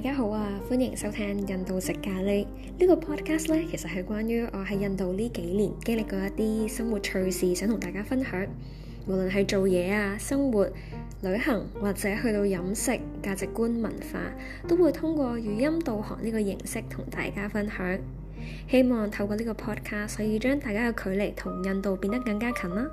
大家好啊！歡迎收聽印度食咖喱呢個 podcast 咧。其實係關於我喺印度呢幾年經歷過一啲生活趣事，想同大家分享。無論係做嘢啊、生活、旅行或者去到飲食、價值觀、文化，都會通過語音導航呢個形式同大家分享。希望透過呢個 podcast，可以將大家嘅距離同印度變得更加近啦。